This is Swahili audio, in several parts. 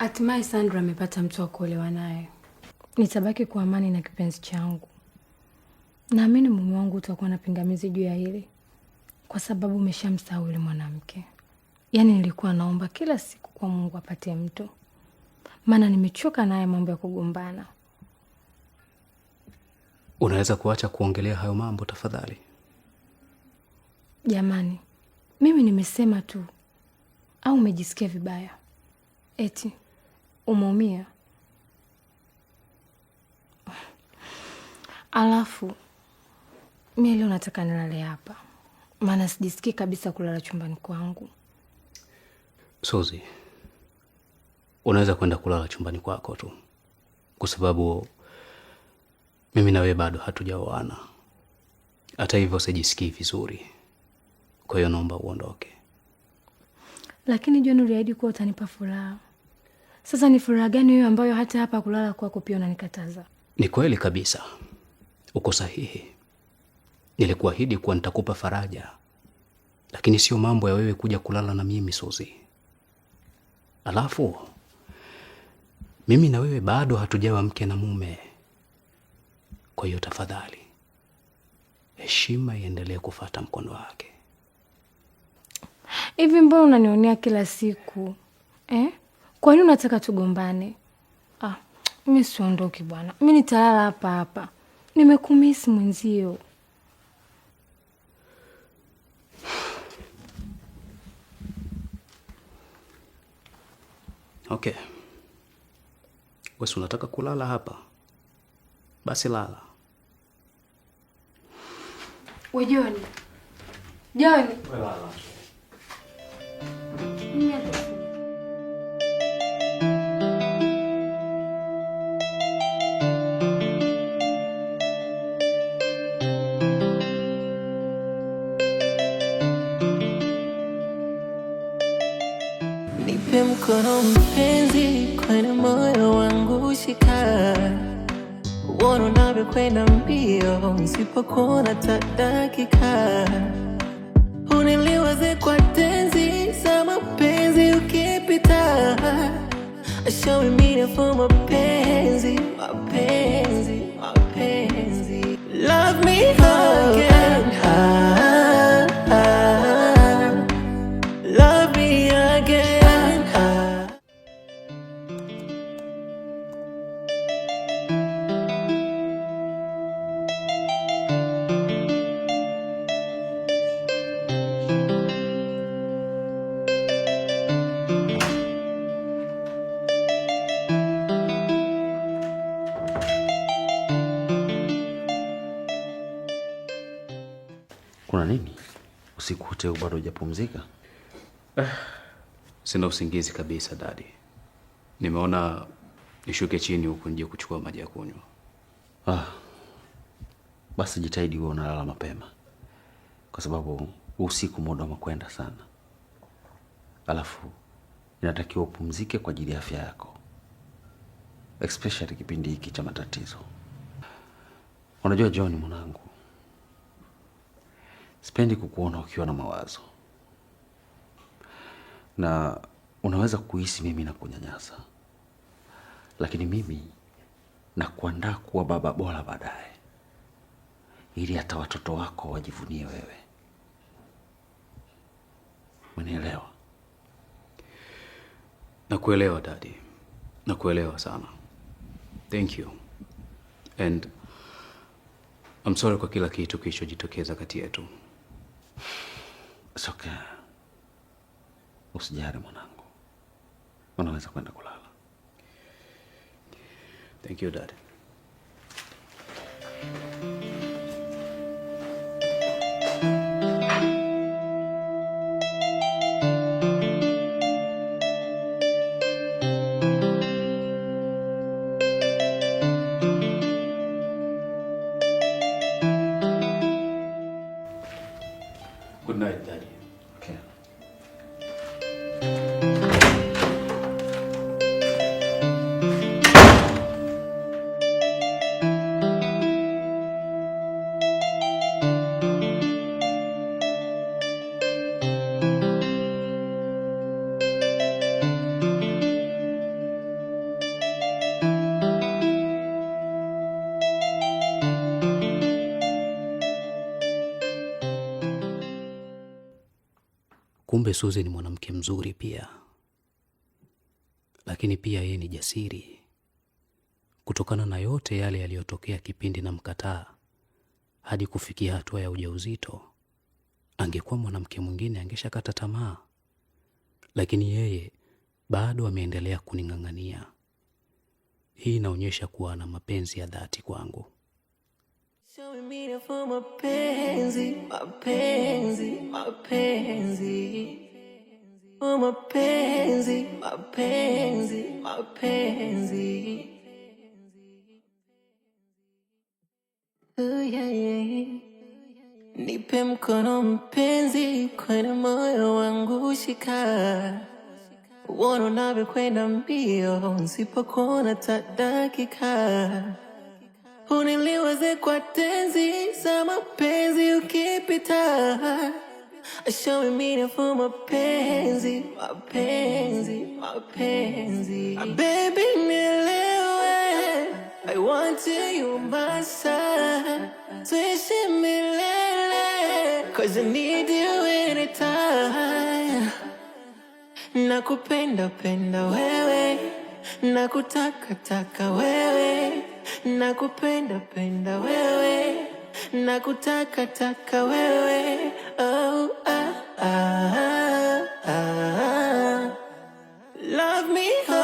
Hatimaye Sandra amepata mtu wa kuolewa naye. Nitabaki kwa amani na kipenzi changu. Naamini mume wangu utakuwa na pingamizi juu ya hili, kwa sababu umeshamsahau yule mwanamke. Yaani nilikuwa naomba kila siku kwa Mungu apate mtu, maana nimechoka naye mambo ya kugombana. Unaweza kuacha kuongelea hayo mambo tafadhali? Jamani, mimi nimesema tu, au umejisikia vibaya eti? umeumia. Alafu mie leo nataka nilale hapa, maana sijisikii kabisa kulala chumbani kwangu. Sozi, unaweza kwenda kulala chumbani kwako tu, kwa sababu mimi na wewe bado hatujaoana. Hata hivyo sijisikii vizuri, kwa hiyo naomba uondoke. Lakini John, uliahidi kuwa utanipa furaha. Sasa ni furaha gani hiyo ambayo hata hapa kulala kwako pia unanikataza? Ni kweli kabisa, uko sahihi. Nilikuahidi kuwa nitakupa faraja, lakini sio mambo ya wewe kuja kulala na mimi Suzi. Alafu mimi na wewe bado hatujawa mke na mume, kwa hiyo tafadhali heshima iendelee kufata mkondo wake. Hivi mbona unanionea kila siku eh? Kwa nini unataka tugombane? Ah, mi siondoki bwana, mi nitalala hapa hapa. Nimekumisi mwenzio. Okay, wesi unataka kulala hapa, basi lala. We Joni, Joni, lala. mpenzi, kwenye moyo wangu shika, uone unavyokwenda mbio, nisipokuona hata dakika, uniliwaze kwa tenzi za mapenzi ukipita, show me the for mapenzi, mapenzi, mapenzi, love me again. Usiku ute bado hujapumzika? Ah, sina usingizi kabisa dadi. Nimeona nishuke chini huku nje kuchukua maji ya kunywa. Ah, basi jitahidi uwe unalala mapema, kwa sababu usiku muda umekwenda sana, alafu inatakiwa upumzike kwa ajili ya afya yako, especially kipindi hiki cha matatizo. Unajua John mwanangu Sipendi kukuona ukiwa na mawazo, na unaweza kuhisi mimi na kunyanyasa lakini mimi nakuandaa kuwa baba bora baadaye, ili hata watoto wako wajivunie wewe. Unielewa? Nakuelewa dadi, nakuelewa sana. Thank you and I'm sorry kwa kila kitu kilichojitokeza kati yetu. Sokea, usijari mwanangu, unaweza kwenda kulala. Thank you dad. Suzi ni mwanamke mzuri pia, lakini pia yeye ni jasiri. Kutokana na yote yale yaliyotokea kipindi na mkataa hadi kufikia hatua ya ujauzito, angekuwa mwanamke mwingine angeshakata tamaa, lakini yeye bado ameendelea kuning'ang'ania. Hii inaonyesha kuwa ana mapenzi ya dhati kwangu. Mapenzi, mapenzi, mapenzi. Oh, mapenzi, mapenzi, mapenzi. Oh, yeah, yeah. Nipe mkono mpenzi, kwenye moyo wangu shika, uone unavyokwenda mbio, nsipokuona ta dakika, uniliwaze kwa tenzi za mapenzi ukipita Show me na for mapenzi, mapenzi, mapenzi. Ah, baby nielewe, I want you my side. Tuishi milele, cause I need you anytime. Nakupenda penda wewe, nakutaka taka wewe, nakupenda penda wewe na kutaka taka wewe oh, ah, ah, ah. ah, ah. Love me oh.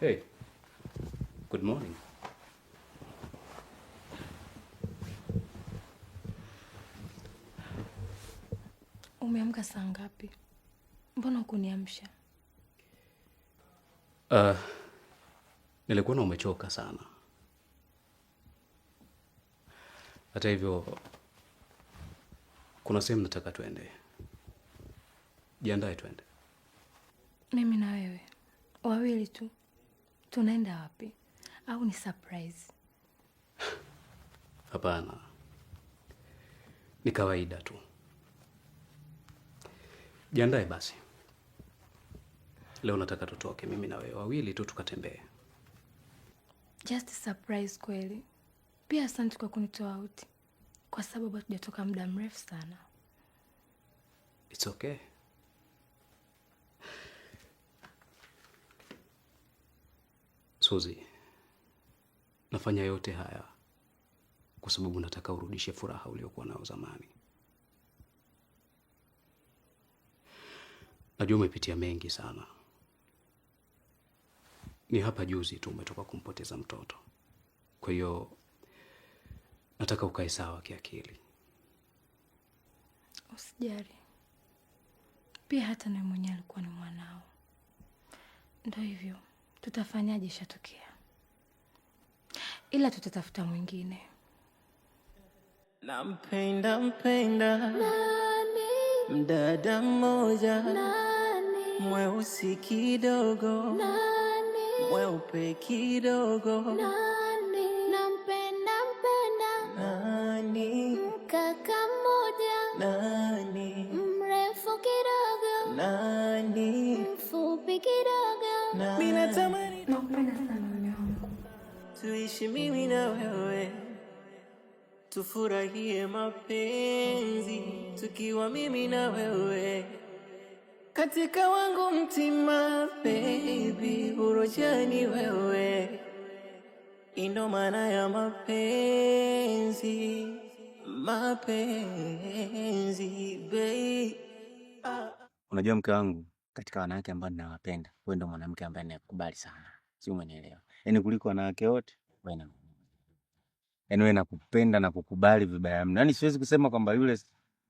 Hey, good morning. Umeamka saa ngapi? Mbona hukuniamsha? Uh, nilikuona umechoka sana. Hata hivyo, kuna sehemu nataka tuende. Jiandae twende. mimi na wewe wawili tu. Tunaenda wapi? Au ni surprise? Hapana, ni kawaida tu. Jiandae basi, leo nataka tutoke, mimi na wewe wawili tu, tukatembee. Just surprise kweli. Pia asante kwa kunitoa uti, kwa sababu hatujatoka muda mrefu sana. It's okay. Suzi, nafanya yote haya kwa sababu nataka urudishe furaha uliokuwa nayo zamani. Najua umepitia mengi sana. Ni hapa juzi tu umetoka kumpoteza mtoto, kwa hiyo nataka ukae sawa kiakili. Usijali, pia hata naye mwenyewe alikuwa ni mwanao, ndio hivyo Tutafanyaje? Ishatokea, ila tutatafuta mwingine. Nampenda mpenda nani? Mdada mmoja nani? Mweusi kidogo nani? Mweupe kidogo nani? tufurahie mapenzi tukiwa mimi na wewe katika wangu mtima, baby urojani wewe, indo maana ya mapenzi mapenzi baby. Ah. Unajua mke wangu katika wanawake ambao ninawapenda wewe, ndo mwanamke ambaye ninakubali sana, si umenielewa? Yaani kuliko wanawake wote wewe yani wewe nakupenda na kukubali vibaya mno. Yani siwezi kusema kwamba yule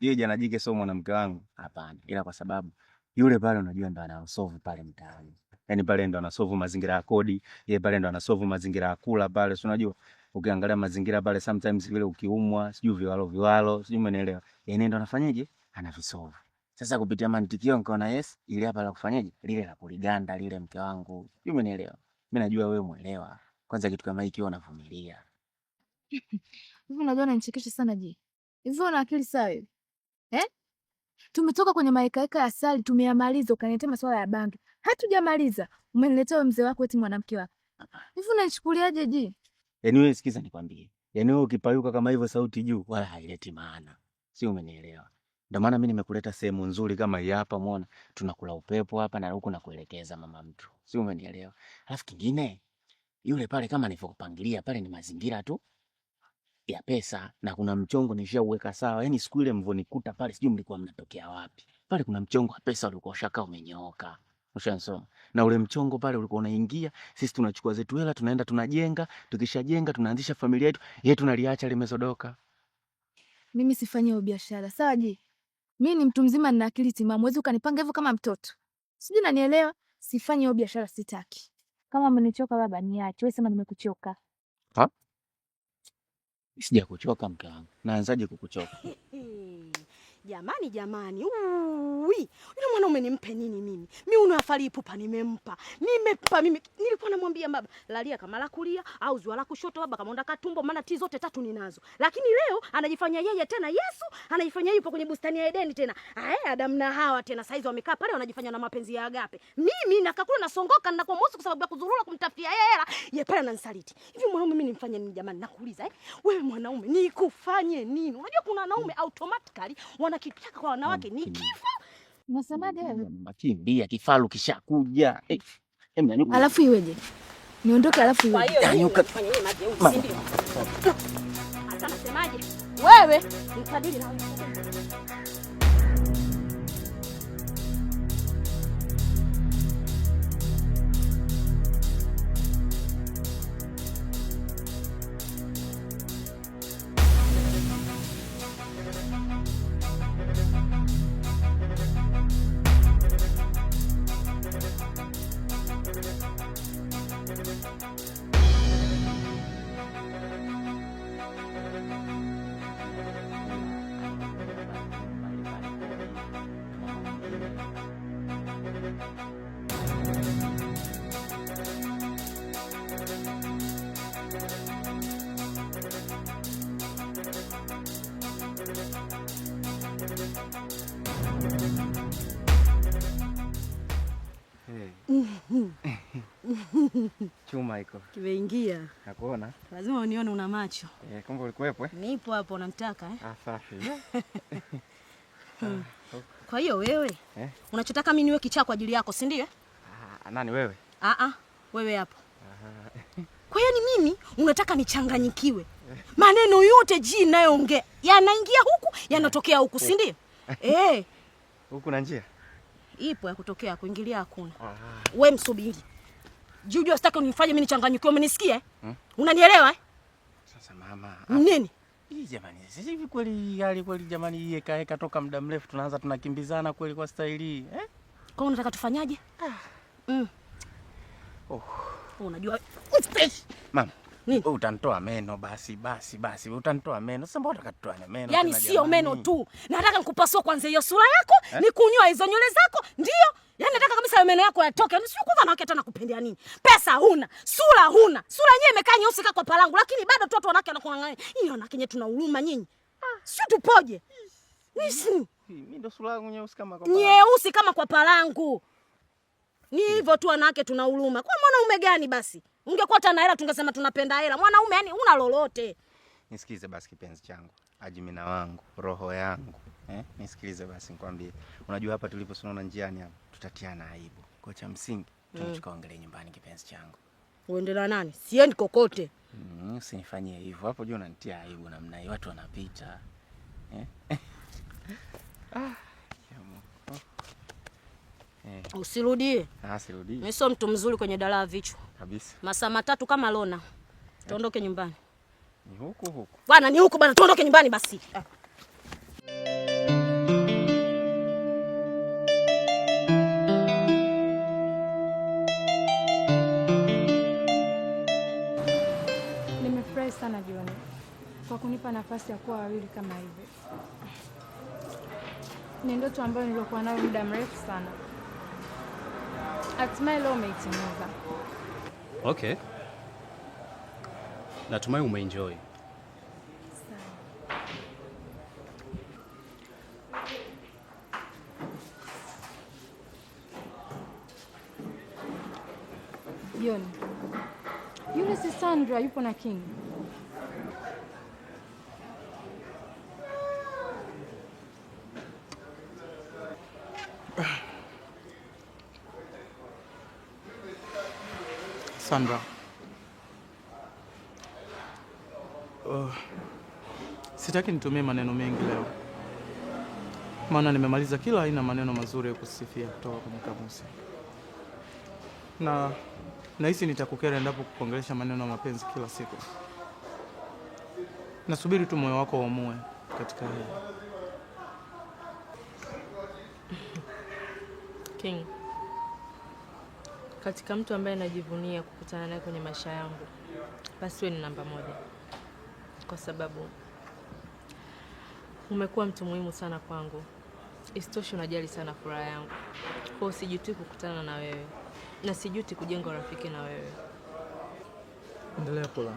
yeye jana jike sio mwanamke wangu, hapana, ila kwa sababu yule pale unajua ndo anasovu pale mtaani, yani pale ndo anasovu mazingira ya kodi, yeye pale ndo anasovu mazingira ya kula pale, si unajua ukiangalia mazingira pale sometimes vile ukiumwa sijui viwalo viwalo sijui umeelewa, yani ndo anafanyaje anavisovu sasa kupitia mantikio nikaona yes, ile hapa la kufanyaje lile la kuliganda lile, mke wangu, sijui umeelewa. Mimi najua wewe umeelewa. kwanza kitu kama hiki unavumilia Hivi unajua nanichekesha sana je? Hivi una akili sawa hivi? Eh? Tumetoka kwenye maekaeka ya asali tumeyamaliza, ukaniletea masuala ya bangi. Hatujamaliza. Umeniletea mzee wako eti mwanamke wako. Hivi unanichukuliaje ji? Yaani wewe sikiza nikwambie. Yaani wewe ukipayuka kama hivyo sauti juu wala haileti maana. Si umenielewa? Ndio maana mi nimekuleta sehemu nzuri kama hii hapa, mwona Tunakula upepo hapa na huku nakuelekeza mama mtu. Si umenielewa? Alafu kingine yule pale kama nilivyokupangilia pale ni mazingira tu ya pesa na kuna mchongo nishauweka sawa. Yani siku ile mvonikuta pale, sijui mlikuwa mnatokea wapi pale. Kuna mchongo wa pesa ulikuwa ushaka umenyooka, ushansoma na ule mchongo pale ulikuwa unaingia, sisi tunachukua zetu hela tunaenda tunajenga, tukishajenga tunaanzisha familia yetu, yeye tunaliacha limezodoka. Mimi sifanye hiyo biashara sawa. Je, mimi ni mtu mzima, nina akili timamu, wezi ukanipanga hivyo kama mtoto, sijui nanielewa. Sifanye hiyo biashara, sitaki. Kama mmenichoka baba niache, wewe sema nimekuchoka ha? Sijakuchoka mke wangu, naanzaje kukuchoka? Jamani jamani, uwi yule mwanaume nimpe nini mimi? Miuno ya afali ipupa nimempa, nimempa mimi. Nilikuwa namwambia baba lalia kama la kulia au ziwa la kushoto, baba kama undaka tumbo, maana tii zote tatu ninazo. Lakini leo anajifanya yeye tena Yesu, anajifanya yupo kwenye bustani ya Edeni tena. Ah, Adam na Hawa tena saizi wamekaa pale wanajifanya na mapenzi ya agape. Mimi nakakula nasongoka na kwa mosi kwa sababu ya kuzurura kumtafia yeye hela. ye pale ananisaliti. Hivi mwanaume mimi nimfanye nini jamani? Nakuuliza eh? Wewe mwanaume nikufanye nini? Unajua kuna wanaume automatically wana hakuna kitaka kwa wanawake ni kifo. Unasemaje wewe? Makimbia kifaru kishakuja. Eh, eh, alafu iweje? Niondoke alafu iweje? Wewe ni na chuma iko kimeingia, nakuona. Lazima unione, una macho e. Kumbe ulikuwepo eh? Nipo hapo, unamtaka eh? Ah, safi ah, oh. Kwa hiyo wewe eh? Unachotaka mimi niwe kichaa kwa ajili yako, si ndio? Ah, nani wewe? Ah, ah, wewe hapo. Kwa hiyo ni mimi unataka nichanganyikiwe, maneno yote ji inayoongea yanaingia huku yanatokea huku, si ndio? Eh, huku na njia ipo ya kutokea kuingilia, hakuna. We msubiri Juju asitaki unifanye mimi nichanganyikiwe, umenisikia? Hmm? Unanielewa? Eh? Sasa mama. Nini? Hii jamani, sasa hivi kweli hali kweli jamani hii eka eka toka muda mrefu tunaanza tunakimbizana kweli kwa staili hii, eh? Kwa unataka tufanyaje? Ah. Mm. Oh. Unajua mama. Nini? Utanitoa meno basi basi basi, utanitoa meno. Sasa mbona unataka tutoane meno? Yaani sio meno tu. Nataka nikupasua kwanza hiyo sura yako, eh? Nikunyoa hizo nywele zako, ndio Yaani nataka kabisa meno yako yatoke. Yaani sio kwa wanawake tena kupendea nini? Pesa huna, sura huna. Sura yenyewe imekaa nyeusi kaka kwa palangu lakini bado tu watu wanawake wanakuangalia. Hiyo wanawake nyewe tuna huruma nyinyi. Ah, sio tupoje? Nisi. Mimi ndo sura yangu nyeusi kama kwa palangu. Nyeusi kama kwa palangu. Ni hivyo tu wanawake tuna huruma. Kwa mwanaume gani basi? Ungekuwa tana hela tungesema tunapenda hela. Mwanaume yani una lolote. Nisikize basi kipenzi changu. Ajimina wangu, roho yangu eh? Nisikilize basi nikwambie. Unajua hapa tulipo tunaona njiani hapa tutatiana aibu. Kwa cha msingi tukaongelee mm. nyumbani kipenzi changu. Uendelea nani? Siendi kokote. Mm, usinifanyie hivyo. Hapo juu unanitia aibu namna hiyo watu wanapita. Eh? ah. Eh. Usirudie. Ah, sirudie. Mimi sio mtu mzuri kwenye dalaa vichwa. Kabisa. Masaa matatu kama lona. Tuondoke eh. nyumbani. Ni huku huku. Bwana ni huku bwana, tuondoke nyumbani basi. Ah. nafasi ya kuwa wawili kama hivi. Ni ndoto ambayo nilikuwa nayo muda mrefu sana, hatimaye leo umeitimiza. Okay, natumai umeenjoy. John, yule si Sandra yupo na King? Hassan Uh, oh, sitaki nitumie maneno mengi leo, maana nimemaliza kila aina maneno mazuri ya kusifia kutoka kwenye kamusi, na nahisi nitakukera endapo kukuongelesha maneno ya mapenzi kila siku. Nasubiri tu moyo wako uamue katika hili King katika mtu ambaye najivunia kukutana naye kwenye maisha yangu, basi wewe ni namba moja, kwa sababu umekuwa mtu muhimu sana kwangu. Isitoshe, unajali sana furaha yangu, kwa hiyo sijuti kukutana na wewe na sijuti kujenga urafiki na wewe. Endelea kula.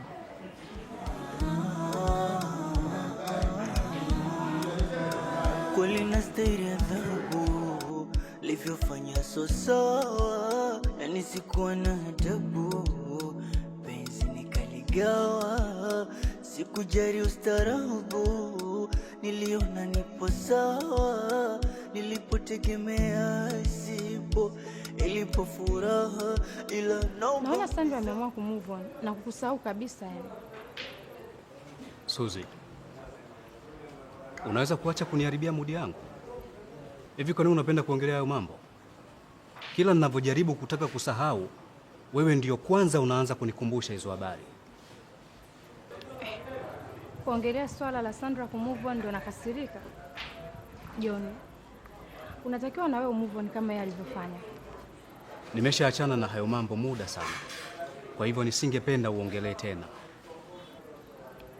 Kweli nastahili adhabu, livyofanya so sikuwa na adabu, penzi nikaligawa, sikujali ustarabu, niliona nipo sawa, nilipotegemea sipo ilipo furaha, ila naona Sandra ameamua kumove on na kukusahau kabisa. Yani unaweza kuacha kuniharibia mudi yangu? Hivi kwa nini unapenda kuongelea hayo mambo? Kila ninavyojaribu kutaka kusahau, wewe ndiyo kwanza unaanza kunikumbusha hizo habari. kuongelea swala la Sandra kumove on ndio nakasirika. John, unatakiwa na wewe move on kama yeye alivyofanya. Nimeshaachana na hayo mambo muda sana, kwa hivyo nisingependa uongelee tena.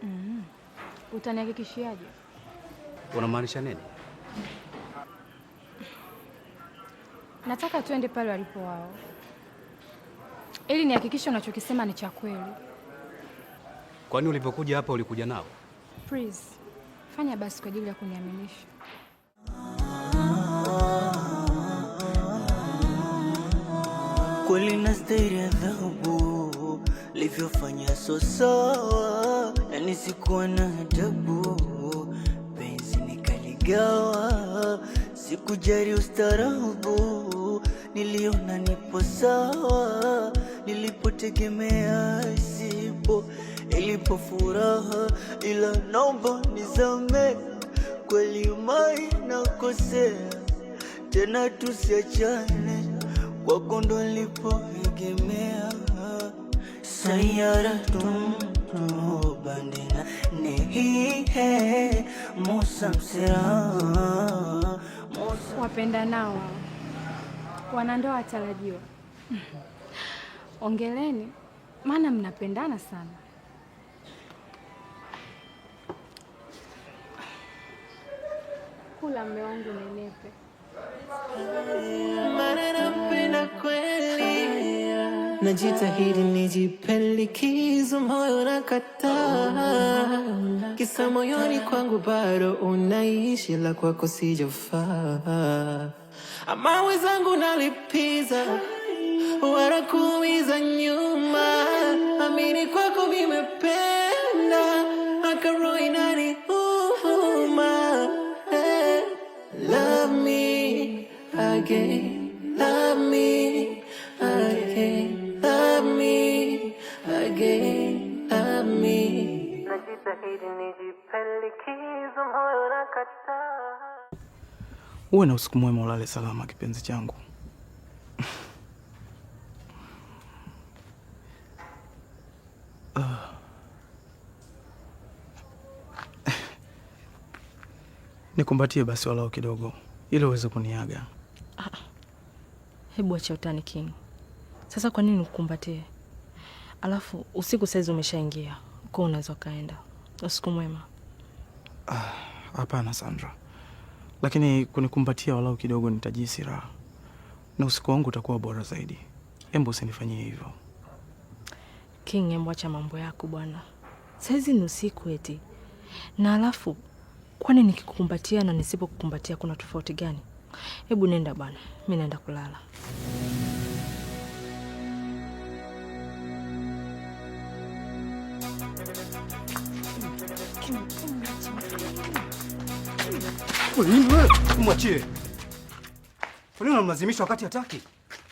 Mm mm-hmm. Utanihakikishiaje? Unamaanisha nini? Nataka tuende pale walipo wao, ili nihakikishe unachokisema ni cha kweli. Kwani ulipokuja hapa ulikuja nao? Please, fanya basi kwa ajili ya kuniaminisha. Kweli nastahili adhabu, livyofanya so sawa, yani sikuwa na adabu, penzi nikaligawa sikujari ustarabu, niliona nipo sawa, nilipotegemea sipo ilipo furaha, ila naomba nizame, kweli mai nakosea, tena tusiachane, kwako ndo nilipoegemea sayara tumtu bandina nehi hai wapenda nao wanandoa watarajiwa. Ongeleni maana mnapendana sana. Kula mme wangu, nenepe. Maana kweli najitahidi nijipe likizo, moyo kata kisa moyoni kwangu bado unaishi, la kwako sijofaa. Ama wezangu nalipiza, wara kuumiza nyuma, amini kwako vimependa akaro inaniuma. Hey, eh, love me again Uwe na usiku mwema, ulale salama kipenzi changu. Nikumbatie basi walao kidogo ili uweze kuniaga. Ah, hebu acha utani King. Sasa kwa nini nikukumbatie? Alafu usiku saizi umeshaingia, uko unaweza ukaenda. Usiku mwema. Ah, hapana, ah, Sandra lakini kunikumbatia walau kidogo nitajisi raha na usiku wangu utakuwa bora zaidi. Embo, usinifanyie hivyo King. Embo, acha mambo yako bwana, saizi ni usiku eti. Na alafu kwani nikikukumbatia na nisipokukumbatia kuna tofauti gani? Hebu nenda bwana, mi naenda kulala. Mwachie. Kwa nini unamlazimisha wakati hataki?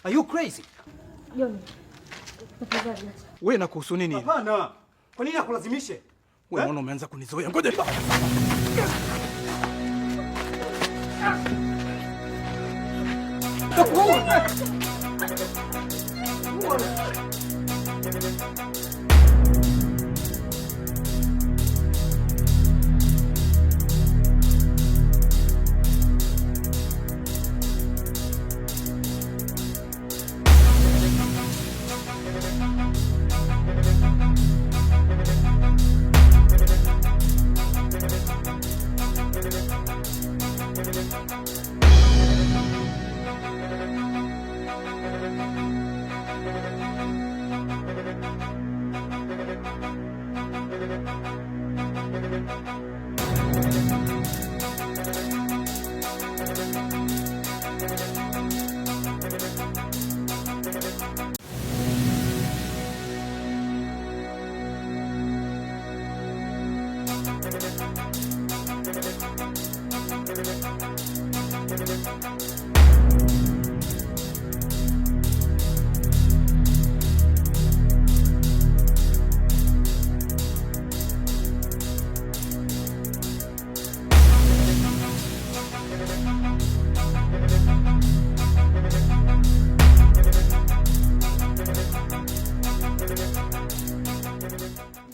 Are you crazy? John. Wewe na kuhusu nini? Hapana. Kwa nini akulazimishe? Wewe mbona eh? umeanza kunizoea? Ngoja. Takuona.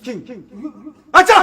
进进，停！啊，站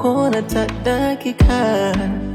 คนอาจจะได้แค่ขาด